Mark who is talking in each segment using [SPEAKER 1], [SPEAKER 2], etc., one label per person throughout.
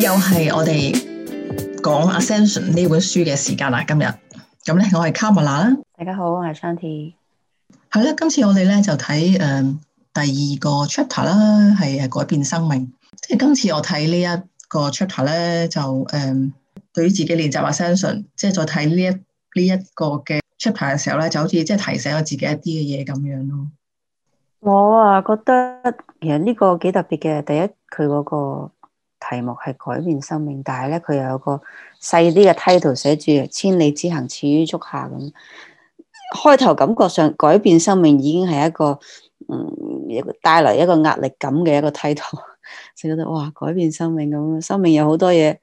[SPEAKER 1] 又係我哋講《Ascension》呢本書嘅時間啦。今日咁咧，我係 Carolina。大家好，我係 Shanti。係啦，今次我哋咧就睇誒、嗯、第二個 chapter 啦，係誒改變生命。即係今次我睇呢一個 chapter 咧，就誒、嗯、對於自己練習 Ascension，即係再睇呢一呢一,一個嘅 chapter 嘅時候咧，就好似即係提醒我自己一啲嘅嘢咁樣咯。
[SPEAKER 2] 我啊覺得其實呢個幾特別嘅，第一佢嗰、那個。題目係改變生命，但係咧佢又有個細啲嘅 title 寫住千里之行，始於足下咁。開頭感覺上改變生命已經係一個嗯，帶嚟一個壓力感嘅一個 title 就覺得哇，改變生命咁。生命有好多嘢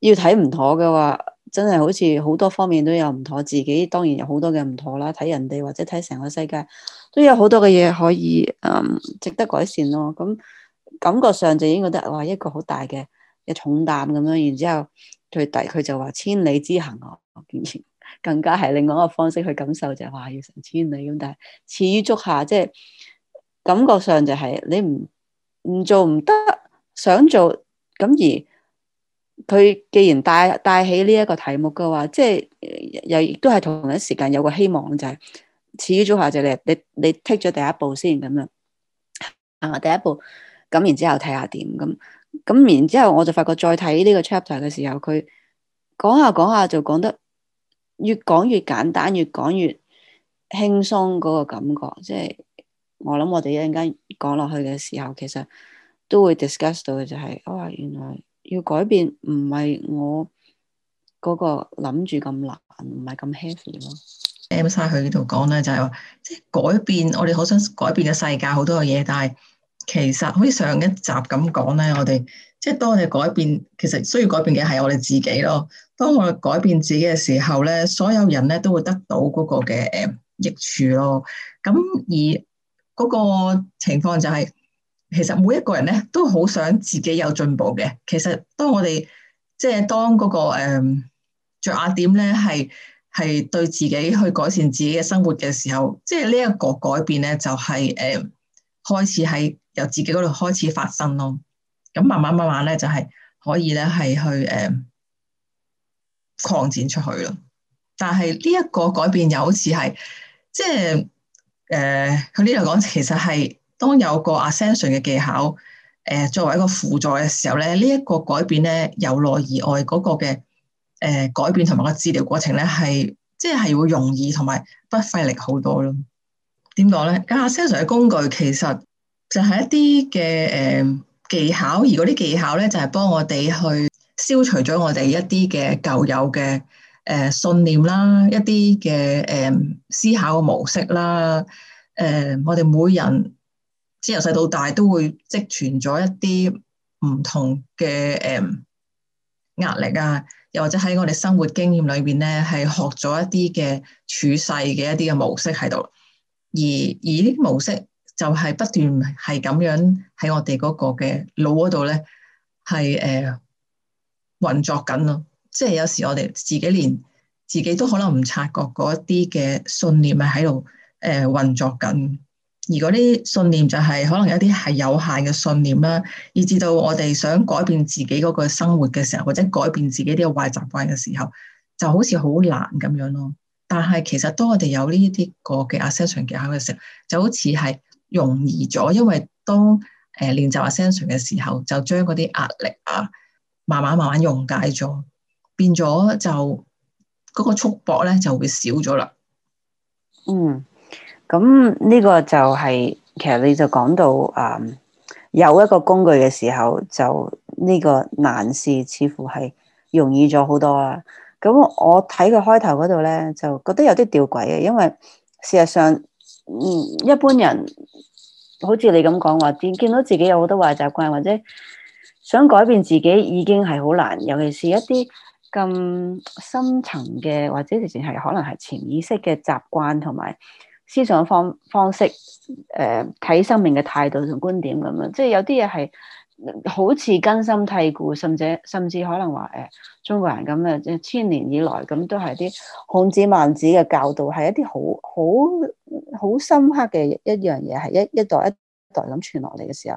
[SPEAKER 2] 要睇唔妥嘅話，真係好似好多方面都有唔妥。自己當然有好多嘅唔妥啦，睇人哋或者睇成個世界都有好多嘅嘢可以嗯值得改善咯。咁。感覺上就已經覺得哇，一個好大嘅一重擔咁樣，然之後佢第佢就話千里之行啊，我竟然更加係另外一個方式去感受就係話要成千里咁，但係始於足下，即係感覺上就係你唔唔做唔得，想做咁而佢既然帶帶起呢一個題目嘅話，即係又亦都係同一時間有個希望就係始於足下就你你你 take 咗第一步先咁樣啊第一步。咁然之後睇下點咁，咁然之後我就發覺再睇呢個 chapter 嘅時候，佢講下講下就講得越講越簡單，越講越輕鬆嗰個感覺。即係我諗我哋一陣間講落去嘅時候，其實都會 discuss 到嘅就係，哦，原來要改變唔係我嗰個諗住咁難，唔係咁 heavy 咯。
[SPEAKER 1] Emma 佢度講咧就係話，即係改變，我哋好想改變嘅世界好多嘅嘢，但係。其實好似上一集咁講咧，我哋即係當我哋改變，其實需要改變嘅係我哋自己咯。當我哋改變自己嘅時候咧，所有人咧都會得到嗰個嘅誒益處咯。咁而嗰個情況就係，其實每一個人咧都好想自己有進步嘅。其實當我哋即係當嗰個誒著眼點咧係係對自己去改善自己嘅生活嘅時候，即係呢一個改變咧就係誒開始係，由自己嗰度開始發生咯，咁慢慢慢慢咧就係可以咧係去誒、呃、擴展出去咯。但係呢一個改變又好似係即係誒，佢呢度講其實係當有個 ascension 嘅技巧誒、呃、作為一個輔助嘅時候咧，呢、這、一個改變咧由內而外嗰個嘅誒、呃、改變同埋個治療過程咧係即係會容易同埋不費力好多咯。點講咧？ascension 嘅工具其實就係一啲嘅誒技巧，而嗰啲技巧咧，就係、是、幫我哋去消除咗我哋一啲嘅舊有嘅誒、呃、信念啦，一啲嘅誒思考嘅模式啦。誒、呃，我哋每人即係由細到大都會積存咗一啲唔同嘅誒、呃、壓力啊，又或者喺我哋生活經驗裏邊咧，係學咗一啲嘅處世嘅一啲嘅模式喺度。而而呢啲模式，就係不斷係咁樣喺我哋嗰個嘅腦嗰度咧，係誒運作緊咯。即係有時我哋自己連自己都可能唔察覺嗰一啲嘅信念係喺度誒運作緊。而嗰啲信念就係可能一啲係有限嘅信念啦，以至到我哋想改變自己嗰個生活嘅時候，或者改變自己啲壞習慣嘅時候，就好似好難咁樣咯。但係其實當我哋有呢一啲個嘅 assessment 技巧嘅時候，就好似係，容易咗，因為當誒、呃、練習阿 sensor 嘅時候，就將嗰啲壓力啊，慢慢慢慢溶解咗，變咗就嗰、那個束縛咧就會少咗啦。
[SPEAKER 2] 嗯，咁呢個就係、是、其實你就講到，嗯，有一個工具嘅時候，就呢個難事似乎係容易咗好多啦。咁我睇佢開頭嗰度咧，就覺得有啲吊詭嘅，因為事實上。嗯，一般人好似你咁講話，見見到自己有好多壞習慣，或者想改變自己已經係好難，尤其是一啲咁深層嘅，或者甚至係可能係潛意識嘅習慣同埋思想方方式，誒、呃，睇生命嘅態度同觀點咁樣，即係有啲嘢係。好似根深蒂固，甚至甚至可能話誒、哎，中國人咁啊，千年以來咁都係啲孔子孟子嘅教導，係一啲好好好深刻嘅一樣嘢，係一一代一代咁傳落嚟嘅時候，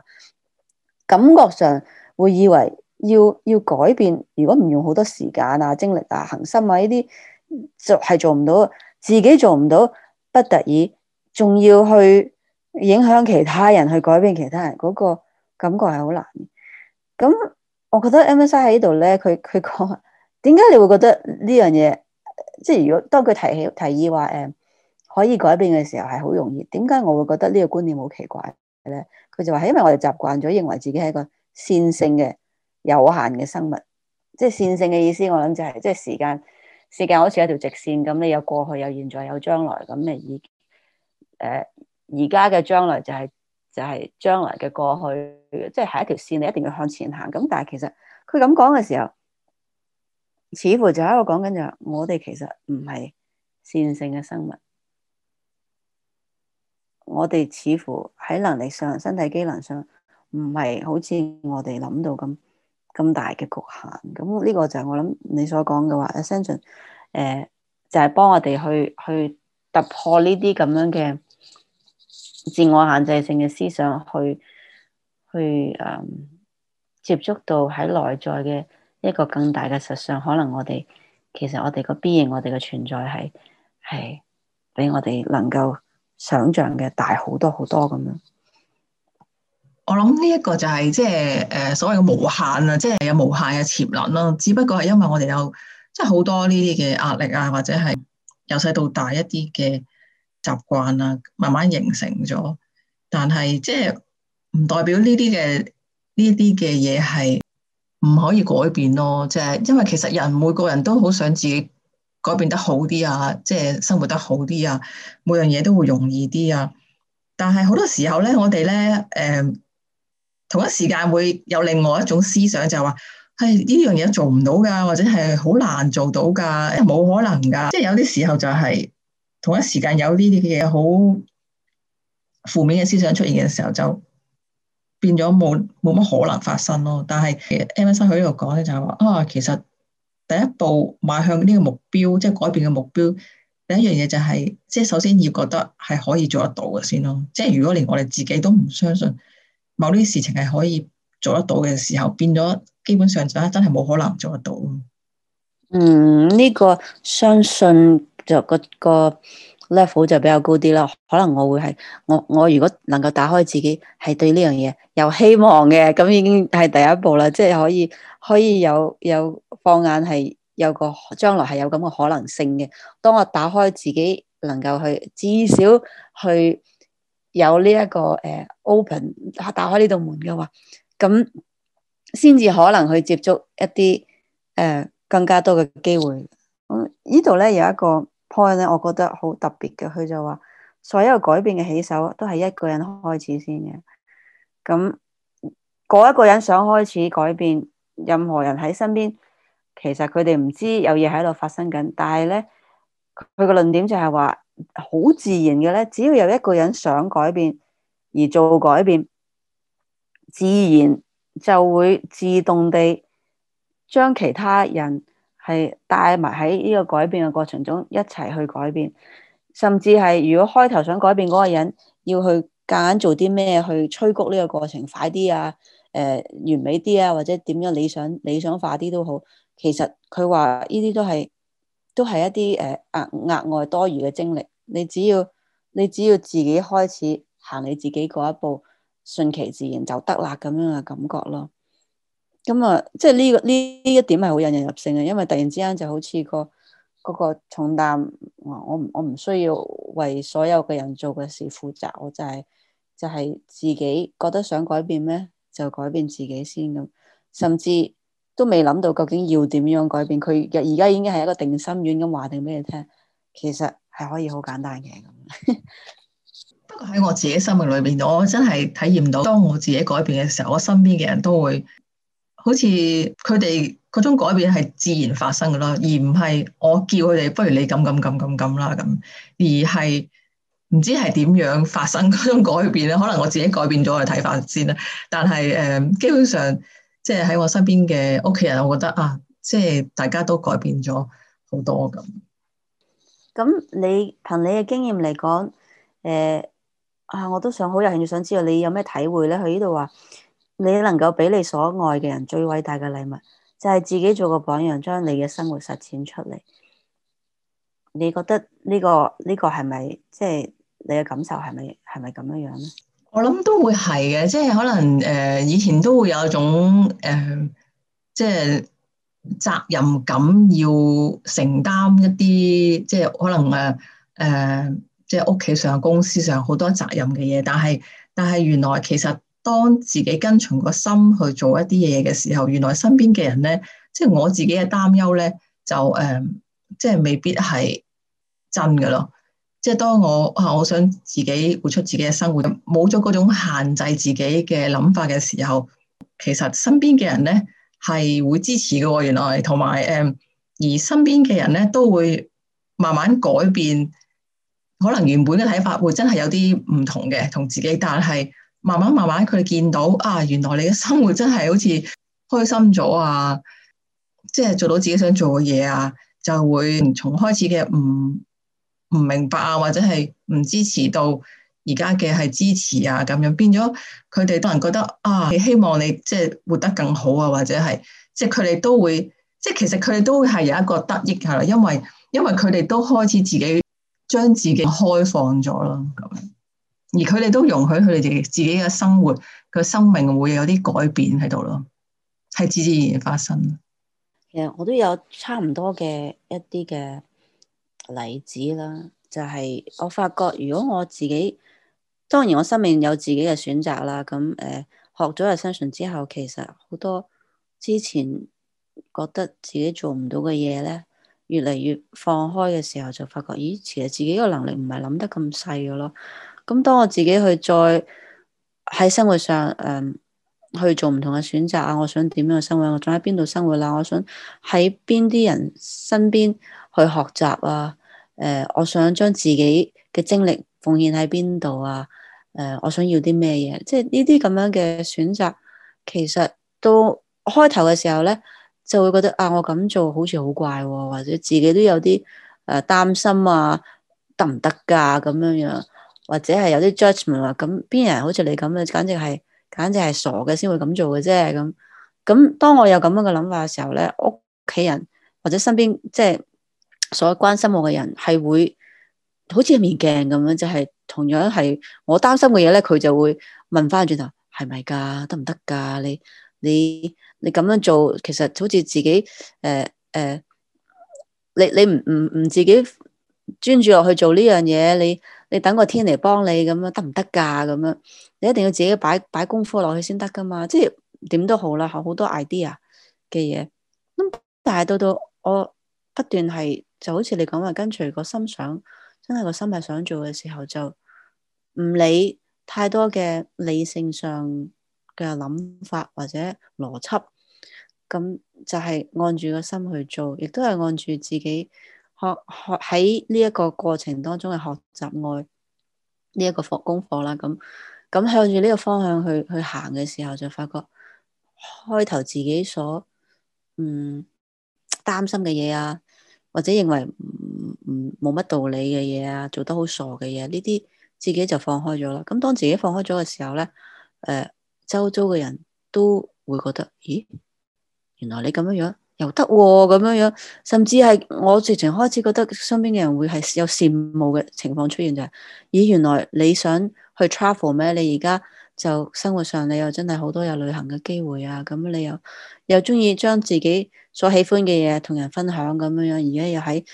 [SPEAKER 2] 感覺上會以為要要改變，如果唔用好多時間啊、精力啊、恒心啊呢啲，就係做唔到，自己做唔到，不得已仲要去影響其他人去改變其他人嗰、那個。感覺係好難，咁我覺得 MSI 喺呢度咧，佢佢講，點解你會覺得呢樣嘢？即係如果當佢提起提議話，誒可以改變嘅時候係好容易，點解我會覺得呢個觀念好奇怪咧？佢就話係因為我哋習慣咗認為自己係一個線性嘅有限嘅生物，即係線性嘅意思我、就是，我諗就係即係時間時間好似一條直線咁，你有過去，有現在，有將來，咁你意誒而家嘅將來就係、是。就係將來嘅過去，即係係一條線，你一定要向前行。咁但係其實佢咁講嘅時候，似乎就喺度講緊就我哋其實唔係線性嘅生物，我哋似乎喺能力上、身體機能上，唔係好似我哋諗到咁咁大嘅局限。咁呢個就係我諗你所講嘅話，essential，誒、呃、就係、是、幫我哋去去突破呢啲咁樣嘅自我限制性嘅思想去去誒、嗯、接觸到喺內在嘅一個更大嘅實相，可能我哋其實我哋個邊型我哋嘅存在係係比我哋能夠想象嘅大好多好多咁樣。
[SPEAKER 1] 我諗呢一個就係即係誒所謂嘅無限啊，即係有無限嘅潛能咯。只不過係因為我哋有即係好多呢啲嘅壓力啊，或者係由細到大一啲嘅。習慣啦，慢慢形成咗。但係即係唔代表呢啲嘅呢啲嘅嘢係唔可以改變咯。即係因為其實人每個人都好想自己改變得好啲啊，即係生活得好啲啊，每樣嘢都會容易啲啊。但係好多時候咧，我哋咧誒同一時間會有另外一種思想，就係話係呢樣嘢做唔到噶，或者係好難做到噶，冇可能噶。即係有啲時候就係、是。同一時間有呢啲嘅嘢好負面嘅思想出現嘅時候，就變咗冇冇乜可能發生咯。但係其實 M 先生佢呢度講咧，就係話啊，其實第一步邁向呢個目標，即係改變嘅目標，第一樣嘢就係即係首先要覺得係可以做得到嘅先咯。即係如果連我哋自己都唔相信某啲事情係可以做得到嘅時候，變咗基本上就真係冇可
[SPEAKER 2] 能做得到。嗯，呢個相信。就嗰個 level 就比較高啲啦，可能我會係我我如果能夠打開自己，係對呢樣嘢有希望嘅，咁已經係第一步啦，即係可以可以有有放眼係有個將來係有咁嘅可能性嘅。當我打開自己能夠去至少去有呢、這、一個誒、uh, open 打開呢道門嘅話，咁先至可能去接觸一啲誒、uh, 更加多嘅機會。嗯，呢度咧有一個。開咧，我覺得好特別嘅。佢就話，所有改變嘅起手都係一個人開始先嘅。咁嗰一個人想開始改變，任何人喺身邊，其實佢哋唔知有嘢喺度發生緊。但係咧，佢個論點就係話，好自然嘅咧，只要有一個人想改變而做改變，自然就會自動地將其他人。係帶埋喺呢個改變嘅過程中一齊去改變，甚至係如果開頭想改變嗰個人，要去夾硬做啲咩去催谷呢個過程快啲啊，誒、呃、完美啲啊，或者點樣理想理想化啲都好，其實佢話呢啲都係都係一啲誒額額外多餘嘅精力，你只要你只要自己開始行你自己嗰一步，順其自然就得啦，咁樣嘅感覺咯。咁啊，即係呢個呢一點係好引人入勝嘅，因為突然之間就好似個個重擔，我我唔需要為所有嘅人做嘅事負責，我就係、就係自己覺得想改變咩，就改變自己先咁，甚至都未諗到究竟要點樣改變。佢而家已經係一個定心丸咁話定俾你聽，其實係可以好簡單嘅。
[SPEAKER 1] 不過喺我自己生命裏邊，我真係體驗到，當我自己改變嘅時候，我身邊嘅人都會。好似佢哋嗰種改變係自然發生㗎啦，而唔係我叫佢哋，不如你咁咁咁咁咁啦咁，而係唔知係點樣發生嗰種改變咧？可能我自己改變咗我嘅睇法先啦。但係誒，基本上即係喺我身邊嘅屋企人，我覺得啊，即係大家都改變咗好多咁。
[SPEAKER 2] 咁你憑你嘅經驗嚟講，誒、呃、啊，我都想好有興趣想知道你有咩體會咧？喺呢度話。你能夠俾你所愛嘅人最偉大嘅禮物，就係自己做個榜樣，將你嘅生活實踐出嚟。你覺得呢個呢個係咪即係你嘅感受係咪係咪咁樣樣咧？
[SPEAKER 1] 我諗都會係嘅，即係可能誒，以前都會有一種誒，即係責任感要承擔一啲，即係可能誒誒，即係屋企上、公司上好多責任嘅嘢，但係但係原來其實。當自己跟隨個心去做一啲嘢嘅時候，原來身邊嘅人咧，即係我自己嘅擔憂咧，就誒、嗯，即係未必係真㗎咯。即係當我啊，我想自己活出自己嘅生活，冇咗嗰種限制自己嘅諗法嘅時候，其實身邊嘅人咧係會支持嘅。原來同埋誒，而身邊嘅人咧都會慢慢改變，可能原本嘅睇法會真係有啲唔同嘅，同自己，但係。慢慢慢慢，佢哋見到啊，原來你嘅生活真係好似開心咗啊！即係做到自己想做嘅嘢啊，就會從開始嘅唔唔明白啊，或者係唔支持到而家嘅係支持啊，咁樣變咗佢哋都係覺得啊，你希望你即係活得更好啊，或者係即係佢哋都會，即係其實佢哋都會係有一個得益噶啦，因為因為佢哋都開始自己將自己開放咗啦，咁。而佢哋都容許佢哋自己嘅生活，佢生命會有啲改變喺度咯，係自自然然發生。
[SPEAKER 2] 其實我都有差唔多嘅一啲嘅例子啦，就係、是、我發覺如果我自己，當然我生命有自己嘅選擇啦。咁誒、呃、學咗日生存之後，其實好多之前覺得自己做唔到嘅嘢咧，越嚟越放開嘅時候，就發覺咦，其實自己個能力唔係諗得咁細嘅咯。咁當我自己去再喺生活上誒去做唔同嘅選擇啊，我想點樣嘅生活，我仲喺邊度生活啦，我想喺邊啲人身邊去學習啊，誒、呃，我想將自己嘅精力奉獻喺邊度啊，誒、呃，我想要啲咩嘢？即係呢啲咁樣嘅選擇，其實到開頭嘅時候咧，就會覺得啊，我咁做好似好怪，哦，或者自己都有啲誒擔心啊，得唔得㗎咁樣樣。或者係有啲 judgement 話，咁邊人好似你咁樣，簡直係簡直係傻嘅先會咁做嘅啫。咁咁，當我有咁樣嘅諗法嘅時候咧，屋企人或者身邊即係所有關心我嘅人，係會好似一面鏡咁樣，就係、是、同樣係我擔心嘅嘢咧，佢就會問翻轉頭，係咪噶？得唔得噶？你你你咁樣做，其實好似自己誒誒，你你唔唔唔自己專注落去做呢樣嘢，你。你你等個天嚟幫你咁樣得唔得噶咁樣？你一定要自己擺擺功夫落去先得噶嘛。即係點都好啦，好多 idea 嘅嘢。咁但係到到我不斷係就好似你講話跟住個心想，真係個心係想做嘅時候，就唔理太多嘅理性上嘅諗法或者邏輯。咁就係按住個心去做，亦都係按住自己。學學喺呢一個過程當中嘅學習外，呢一個課功課啦，咁咁向住呢個方向去去行嘅時候，就發覺開頭自己所嗯擔心嘅嘢啊，或者認為唔冇乜道理嘅嘢啊，做得好傻嘅嘢，呢啲自己就放開咗啦。咁當自己放開咗嘅時候呢，誒、呃，周遭嘅人都會覺得，咦，原來你咁樣樣。又得咁樣樣，甚至係我直情開始覺得身邊嘅人會係有羨慕嘅情況出現就係、是，咦，原來你想去 travel 咩？你而家就生活上你又真係好多有旅行嘅機會啊！咁你又你又中意將自己所喜歡嘅嘢，同人分享咁樣樣，而家又喺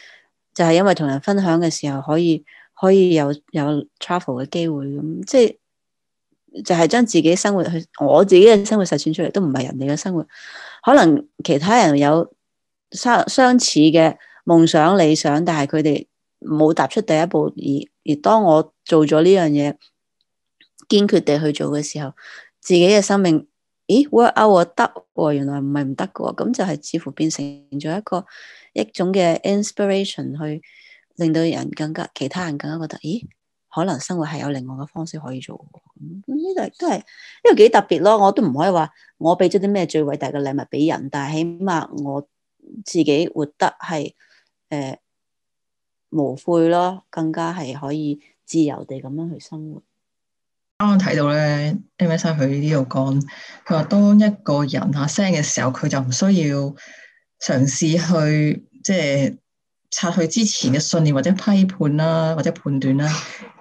[SPEAKER 2] 就係、是、因為同人分享嘅時候可以可以有有 travel 嘅機會，咁即係就係將自己生活去我自己嘅生活實踐出嚟，都唔係人哋嘅生活。可能其他人有相相似嘅夢想理想，但係佢哋冇踏出第一步。而而當我做咗呢樣嘢，堅決地去做嘅時候，自己嘅生命，咦 work out 我得，原來唔係唔得嘅，咁就係似乎變成咗一個一種嘅 inspiration 去令到人更加其他人更加覺得，咦？可能生活係有另外嘅方式可以做，咁呢度都係，呢個幾特別咯。我都唔可以話我俾咗啲咩最偉大嘅禮物俾人，但係起碼我自己活得係誒、呃、無悔咯，更加係可以自由地咁樣去生活。
[SPEAKER 1] 啱啱睇到咧，M S A 佢呢度講，佢話當一個人下聲嘅時候，佢就唔需要嘗試去即係、就是、拆去之前嘅信念或者批判啦，或者判斷啦。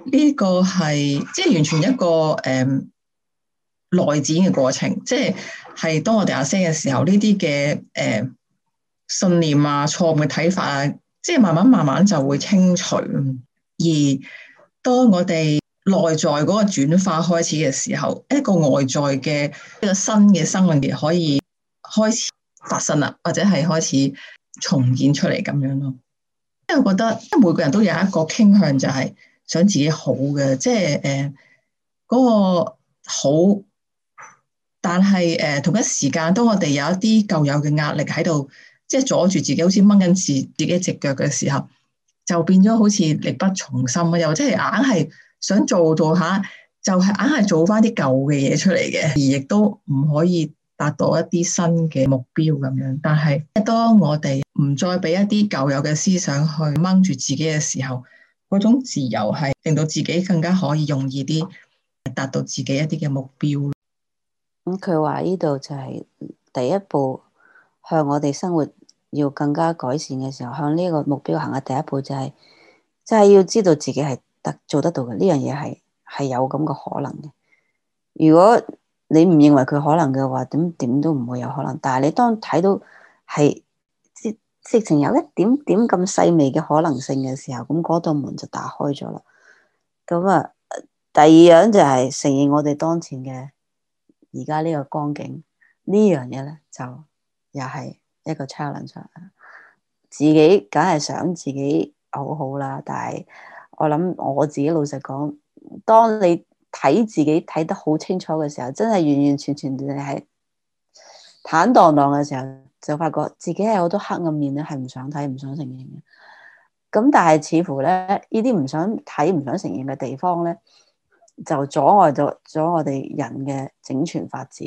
[SPEAKER 1] 呢個係即係完全一個誒內展嘅過程，即係係當我哋阿 s 嘅時候，呢啲嘅誒信念啊、錯誤嘅睇法啊，即係慢慢慢慢就會清除。而當我哋內在嗰個轉化開始嘅時候，一個外在嘅一個新嘅生命亦可以開始發生啦，或者係開始重建出嚟咁樣咯。因為我覺得，每個人都有一個傾向就係、是。想自己好嘅，即係誒嗰個好，但係誒、呃、同一時間，當我哋有一啲舊有嘅壓力喺度，即係阻住自己，好似掹緊自自己隻腳嘅時候，就變咗好似力不從心啊！又即係硬係想做做下，就係硬係做翻啲舊嘅嘢出嚟嘅，而亦都唔可以達到一啲新嘅目標咁樣。但係當我哋唔再俾一啲舊有嘅思想去掹住自己嘅時候，嗰種自由係令到自己更加可以容易啲達到自己一啲嘅目標。
[SPEAKER 2] 咁佢話呢度就係第一步，向我哋生活要更加改善嘅時候，向呢個目標行嘅第一步就係，就係要知道自己係得做得到嘅，呢樣嘢係係有咁嘅可能嘅。如果你唔認為佢可能嘅話，點點都唔會有可能。但係你當睇到係。直情有一點點咁細微嘅可能性嘅時候，咁嗰道門就打開咗啦。咁啊，第二樣就係承認我哋當前嘅而家呢個光景。呢樣嘢咧，就又係一個 challenge。自己梗係想自己好好啦，但係我諗我自己老實講，當你睇自己睇得好清楚嘅時候，真係完完全全地係坦蕩蕩嘅時候。就發覺自己係好多黑暗面咧，係唔想睇、唔想承認嘅。咁但係似乎咧，呢啲唔想睇、唔想承認嘅地方咧，就阻礙咗阻礙我哋人嘅整全發展。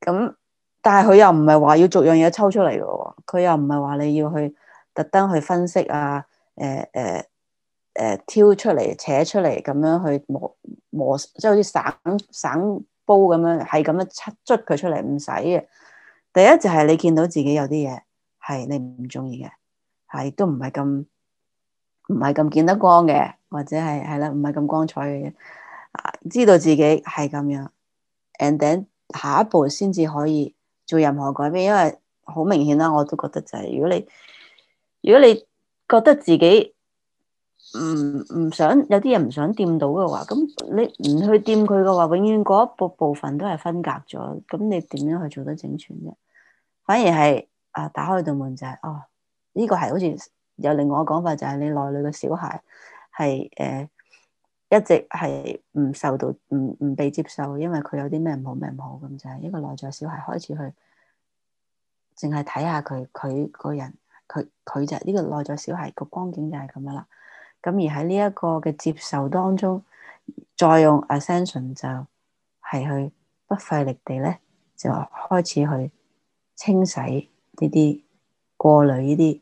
[SPEAKER 2] 咁但係佢又唔係話要逐樣嘢抽出嚟嘅喎，佢又唔係話你要去特登去分析啊，誒誒誒挑出嚟、扯出嚟咁樣去磨磨，即係好似省省煲咁樣，係咁樣捽佢出嚟唔使嘅。第一就係、是、你見到自己有啲嘢係你唔中意嘅，係都唔係咁唔係咁見得光嘅，或者係係啦，唔係咁光彩嘅。知道自己係咁樣，and then, 下一步先至可以做任何改變，因為好明顯啦，我都覺得就係如果你如果你覺得自己唔唔想有啲嘢唔想掂到嘅話，咁你唔去掂佢嘅話，永遠嗰一部部分都係分隔咗，咁你點樣去做得整全啫？反而係啊！打開道門就係、是、哦，呢、這個係好似有另外一個講法，就係你內裏嘅小孩係誒、呃、一直係唔受到唔唔被接受，因為佢有啲咩唔好、咩唔好咁就係一個內在小孩開始去淨係睇下佢佢個人，佢佢就係呢、是這個內在小孩個光景就係咁樣啦。咁而喺呢一個嘅接受當中，再用 ascension 就係、是、去不費力地咧就開始去。清洗呢啲過濾呢啲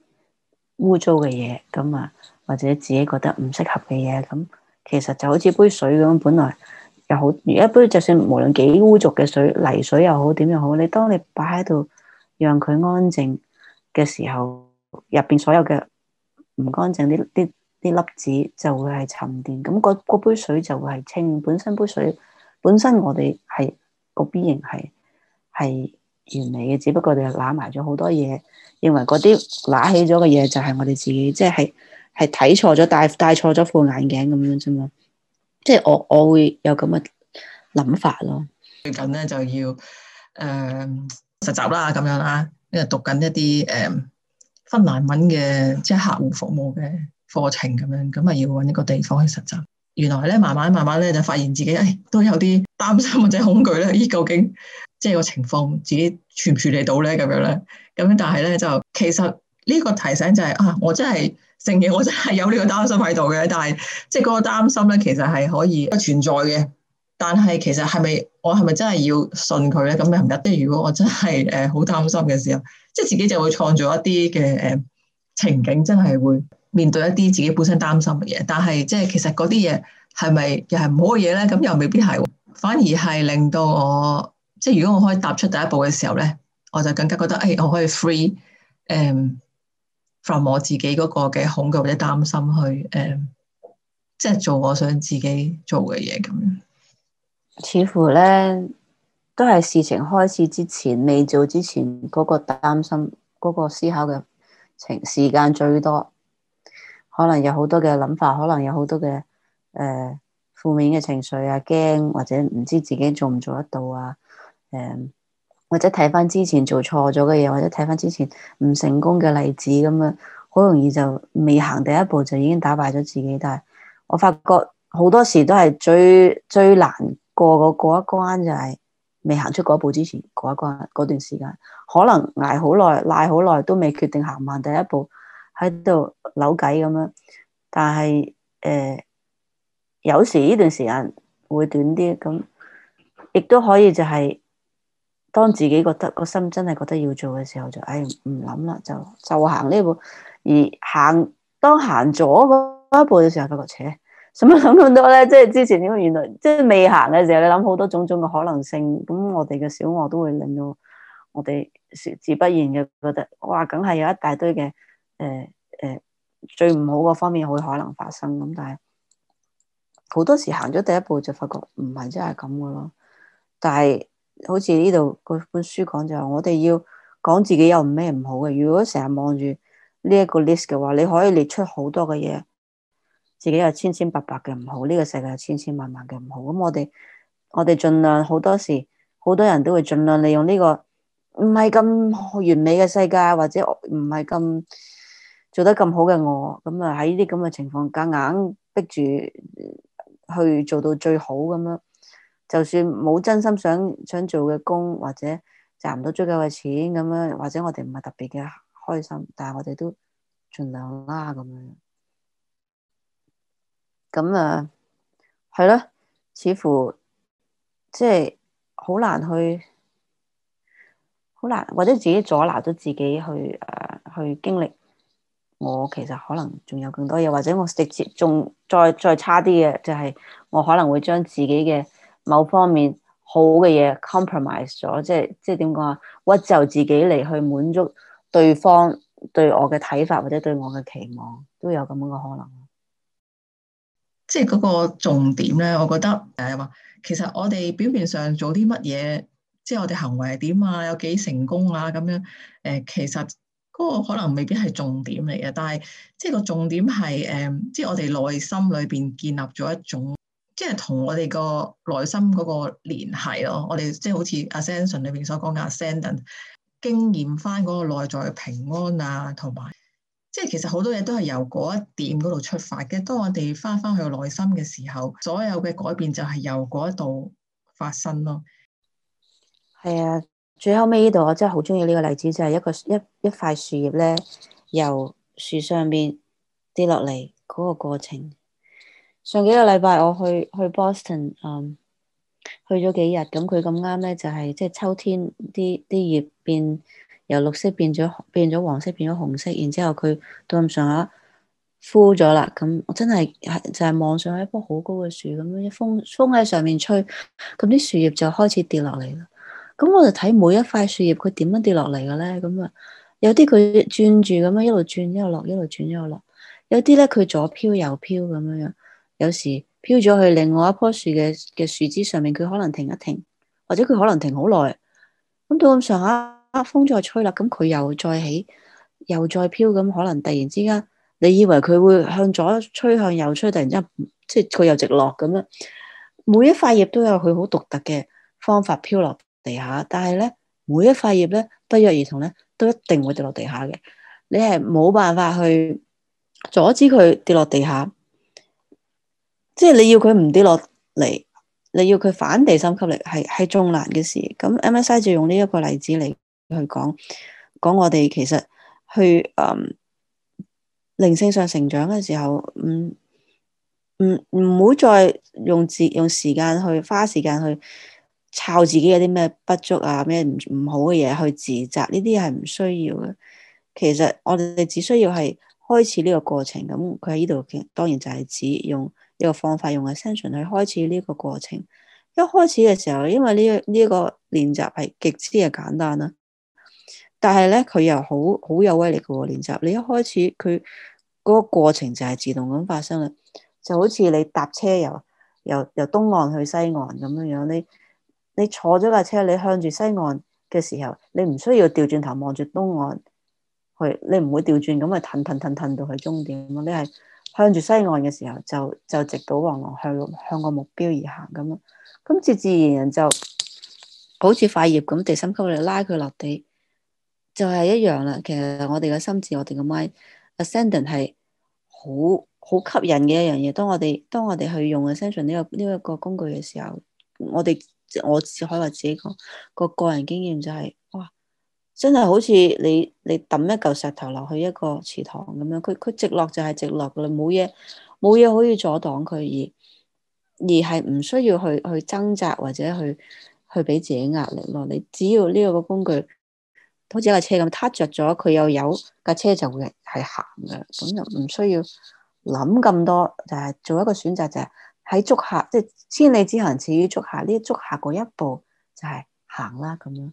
[SPEAKER 2] 污糟嘅嘢，咁啊或者自己覺得唔適合嘅嘢，咁其實就好似杯水咁，本來又好，一杯就算無論幾污濁嘅水、泥水又好，點又好，你當你擺喺度讓佢安靜嘅時候，入邊所有嘅唔乾淨啲啲啲粒子就會係沉澱，咁嗰嗰杯水就會係清。本身杯水本身我哋係個 B 型係係。原嚟嘅，只不過就我哋揦埋咗好多嘢，認為嗰啲揦起咗嘅嘢就係我哋自己，即係係睇錯咗，戴戴錯咗副眼鏡咁樣啫嘛。即係我我會有咁嘅諗法咯。
[SPEAKER 1] 最近咧就要誒、呃、實習啦，咁樣啦，因為讀緊一啲誒、呃、芬蘭文嘅即係客戶服務嘅課程咁樣，咁啊要搵一個地方去實習。原來咧慢慢慢慢咧就發現自己誒都有啲擔心或者、就是、恐懼咧，咦，究竟。即係個情況，自己處唔處理到咧，咁樣咧，咁樣但係咧就其實呢個提醒就係、是、啊，我真係承認我真係有呢個擔心喺度嘅，但係即係嗰個擔心咧，其實係可以不存在嘅。但係其實係咪我係咪真係要信佢咧？咁唔得。即係如果我真係誒好擔心嘅時候，即係自己就會創造一啲嘅誒情景，真係會面對一啲自己本身擔心嘅嘢。但係即係其實嗰啲嘢係咪又係唔好嘅嘢咧？咁又未必係，反而係令到我。即係如果我可以踏出第一步嘅時候咧，我就更加覺得，誒、哎，我可以 free，um, from 我自己嗰個嘅恐懼或者擔心去，誒、um，即係做我想自己做嘅嘢咁樣。
[SPEAKER 2] 似乎咧，都係事情開始之前、未做之前嗰個擔心、嗰個思考嘅情時間最多，可能有好多嘅諗法，可能有好多嘅誒負面嘅情緒啊，驚或者唔知自己做唔做得到啊。誒，或者睇返之前做錯咗嘅嘢，或者睇返之前唔成功嘅例子，咁樣好容易就未行第一步就已經打敗咗自己。但係我發覺好多時都係最最難過過一,一,一關，就係未行出嗰步之前過一關嗰段時間，可能挨好耐捱好耐都未決定行慢第一步，喺度扭計咁樣。但係誒、呃，有時呢段時間會短啲，咁亦都可以就係、是。當自己覺得個心真係覺得要做嘅時候，就唉唔諗啦，就就行呢步。而行當行咗嗰一步嘅時候，發覺扯。使乜諗咁多咧？即係之前點解原來即係未行嘅時候，你諗好多種種嘅可能性。咁我哋嘅小我都會令到我哋自不然嘅覺得，哇，梗係有一大堆嘅誒誒，最唔好個方面會可能發生。咁但係好多時行咗第一步就發覺唔係真係咁噶咯，但係。好似呢度嗰本書講就係，我哋要講自己有唔咩唔好嘅。如果成日望住呢一個 list 嘅話，你可以列出好多嘅嘢，自己有千千百百嘅唔好，呢個世界有千千萬萬嘅唔好。咁我哋我哋盡量好多時，好多人都會盡量利用呢個唔係咁完美嘅世界，或者唔係咁做得咁好嘅我，咁啊，喺呢啲咁嘅情況，夾硬逼住去做到最好咁樣。.就算冇真心想想做嘅工，或者賺唔到足夠嘅錢咁樣，或者我哋唔係特別嘅開心，但係我哋都盡量啦。咁樣咁啊，係咯，似乎即係好難去好難，或者自己阻撓咗自己去、呃、去經歷。我其實可能仲有更多嘢，或者我直接仲再再差啲嘅，就係、是、我可能會將自己嘅。某方面好嘅嘢 compromise 咗，即係即係點講啊？屈就自己嚟去滿足對方對我嘅睇法或者對我嘅期望，都有咁樣嘅可能。
[SPEAKER 1] 即係嗰個重點咧，我覺得誒話、呃，其實我哋表面上做啲乜嘢，即係我哋行為係點啊，有幾成功啊咁樣。誒、呃，其實嗰個可能未必係重點嚟嘅，但係，即係個重點係誒、呃，即係我哋內心裏邊建立咗一種。即係同我哋個內心嗰個聯繫咯，我哋即係好似 Ascension 裏邊所講嘅 ascend，經驗翻嗰個內在嘅平安啊，同埋即係其實好多嘢都係由嗰一點嗰度出發嘅，當我哋翻翻去內心嘅時候，所有嘅改變就係由嗰度發生咯。
[SPEAKER 2] 係啊，最後尾呢度我真係好中意呢個例子，就係、是、一個一一塊樹葉咧由樹上邊跌落嚟嗰個過程。上幾個禮拜我去去 Boston，嗯，去咗幾日。咁佢咁啱咧，就係即係秋天啲啲葉變由綠色變咗變咗黃色，變咗紅色。然之後佢到咁上下枯咗啦。咁我真係就係望上一棵好高嘅樹，咁樣風風喺上面吹，咁啲樹葉就開始跌落嚟啦。咁我就睇每一塊樹葉佢點樣跌落嚟嘅咧。咁啊，有啲佢轉住咁樣一路轉一路落，一路轉一路落。有啲咧佢左飄右飄咁樣樣。有時飄咗去另外一棵樹嘅嘅樹枝上面，佢可能停一停，或者佢可能停好耐。咁到咁上下風再吹啦，咁佢又再起，又再飄，咁可能突然之間，你以為佢會向左吹，向右吹，突然之間，即係佢又直落咁樣。每一塊葉都有佢好獨特嘅方法飄落地下，但係咧，每一塊葉咧不約而同咧，都一定會跌落地下嘅。你係冇辦法去阻止佢跌落地下。即係你要佢唔跌落嚟，你要佢反地心吸力，係係仲難嘅事。咁 M S I 就用呢一個例子嚟去講講我哋其實去誒靈、呃、性上成長嘅時候，唔唔唔好再用自用時間去花時間去抄自己有啲咩不足啊，咩唔唔好嘅嘢去自責。呢啲係唔需要嘅。其實我哋只需要係開始呢個過程。咁佢喺呢度，當然就係指用。一個方法用 Ascension 去開始呢個過程。一開始嘅時候，因為呢、這、呢個練習係極之嘅簡單啦，但係咧佢又好好有威力嘅喎。練習你一開始佢嗰個過程就係自動咁發生啦，就好似你搭車由由由東岸去西岸咁樣樣。你你坐咗架車，你向住西岸嘅時候，你唔需要調轉頭望住東岸去，你唔會調轉咁啊，騰騰騰騰到去終點啊，你係。向住西岸嘅時候，就就直搗黃龍，向向個目標而行咁咯。咁自自然然就 好似塊葉咁，地心吸力拉佢落地就係、是、一樣啦。其實我哋嘅心智，我哋嘅 mind ascendant 係好好吸引嘅一樣嘢。當我哋當我哋去用 ascension、這、呢個呢一、這個工具嘅時候，我哋我只可以話自己講個個人經驗就係、是。真係好似你你抌一嚿石頭落去一個池塘咁樣，佢佢直落就係直落噶啦，冇嘢冇嘢可以阻擋佢，而而係唔需要去去掙扎或者去去俾自己壓力咯。你只要呢個工具，好似架車咁，踏着咗佢又有架車就會係行噶啦。咁就唔需要諗咁多，就係做一個選擇，就係喺足下，即係千里之行始於足下。呢足下嗰一步就係行啦，咁樣。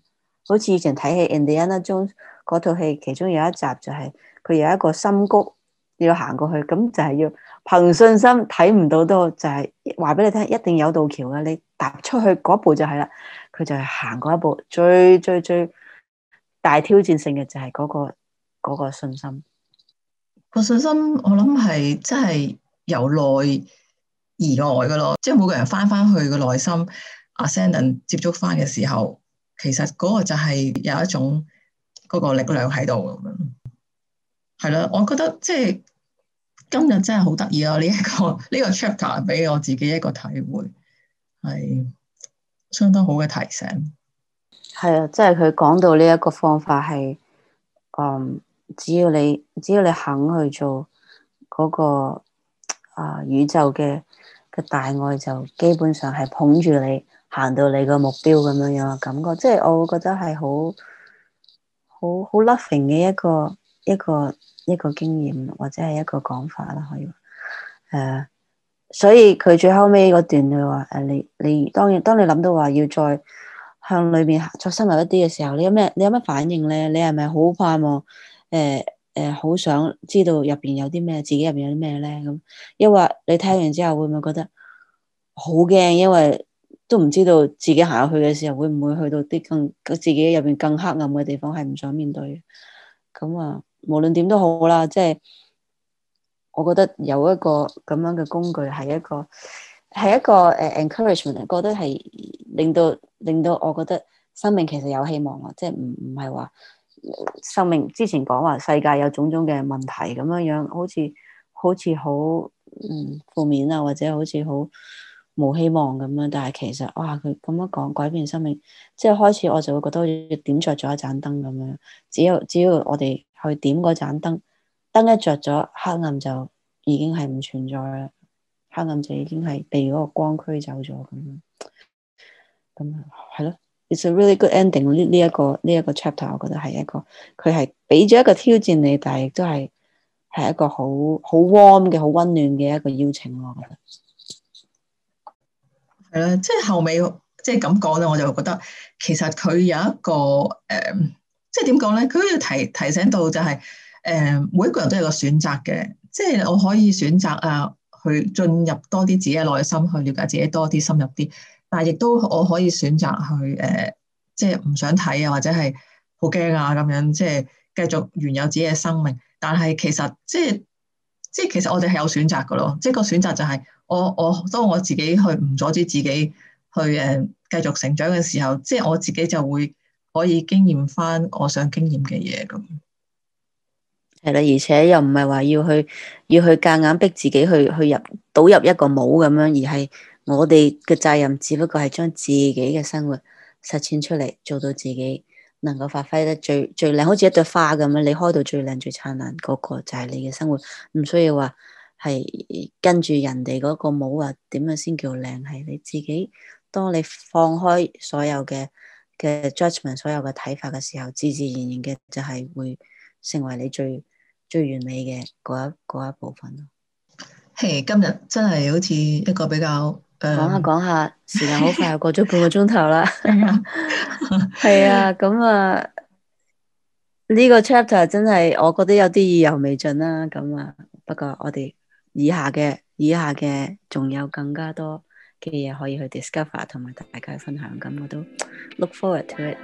[SPEAKER 2] 好似以前睇戲《Indiana Jones》嗰套戲，其中有一集就係、是，佢有一個深谷要行過去，咁就係要憑信心，睇唔到都就係話俾你聽，一定有道橋噶。你踏出去嗰步就係啦，佢就係行過一步。最最最大挑戰性嘅就係嗰、那個、那個信心。
[SPEAKER 1] 個信心我諗係真係由內而外噶咯，即、就、係、是、每個人翻翻去個內心，阿、啊、s a e n d n 接觸翻嘅時候。其實嗰個就係有一種嗰個力量喺度咁樣，係咯？我覺得即係今日真係好得意啊！呢一個呢個 chapter 俾我自己一個體會，係相當好嘅提
[SPEAKER 2] 醒。係啊，即係佢講到呢一個方法係，嗯，只要你只要你肯去做嗰個啊宇宙嘅嘅大愛，就基本上係捧住你。行到你個目標咁樣樣啊，感覺即係我會覺得係好好好 loving 嘅一個一個一個經驗或者係一個講法啦，可以誒，uh, 所以佢最後尾嗰段佢話誒，你你當然當你諗到話要再向裏面再深入一啲嘅時候，你有咩你有咩反應咧？你係咪好盼望誒誒，好、呃呃、想知道入邊有啲咩，自己入邊有啲咩咧？咁，抑或你聽完之後會唔會覺得好驚？因為都唔知道自己行入去嘅時候，會唔會去到啲更自己入邊更黑暗嘅地方，係唔想面對嘅。咁啊，無論點都好啦，即係我覺得有一個咁樣嘅工具，係一個係一個 encouragement，覺得係令到令到我覺得生命其實有希望啊。即係唔唔係話生命之前講話世界有種種嘅問題咁樣樣，好似好似好嗯負面啊，或者好似好。冇希望咁樣，但係其實哇，佢咁樣講改變生命，即係開始我就會覺得好似點着咗一盞燈咁樣。只要只要我哋去點嗰盞燈，燈一着咗，黑暗就已經係唔存在啦。黑暗就已經係被嗰個光驅走咗咁樣。咁係咯，It's a really good ending 呢呢一個呢一個 chapter，我覺得係一個佢係俾咗一個挑戰你，但係亦都係係一個好好 warm 嘅好温暖嘅一個邀請我覺得。
[SPEAKER 1] 係啦，即係後尾即係咁講咧，我就覺得其實佢有一個誒、呃，即係點講咧，佢要提提醒到就係、是、誒、呃，每一個人都有個選擇嘅，即係我可以選擇啊去進入多啲自己嘅內心去了解自己多啲深入啲，但係亦都我可以選擇去誒、呃，即係唔想睇啊或者係好驚啊咁樣，即係繼續原有自己嘅生命。但係其實即係即係其實我哋係有選擇噶咯，即係個選擇就係、是。我我當我自己去唔阻止自己去誒、呃、繼續成長嘅時候，即係我自己就會可以經驗翻我想經驗嘅嘢咁。
[SPEAKER 2] 係啦，而且又唔係話要去要去夾硬逼自己去去入倒入一個模咁樣，而係我哋嘅責任，只不過係將自己嘅生活實踐出嚟，做到自己能夠發揮得最最靚，好似一朵花咁樣。你開到最靚最燦爛、那個，嗰個就係、是、你嘅生活，唔需要話。係跟住人哋嗰個冇話點樣先叫靚，係你自己。當你放開所有嘅嘅 judgment，所有嘅睇法嘅時候，自自然然嘅就係會成為你最最完美嘅嗰一一部分咯。係、hey, 今日真係好似一個比較誒，講下講下，時間好快又 過咗半個鐘頭啦。係 啊，咁啊，呢、這個 chapter 真係我覺得有啲意猶未盡啦。咁啊，不過我哋。以下嘅，以下嘅，仲有更加多嘅嘢可以去 discover，同埋大家分享，咁我都 look forward to it。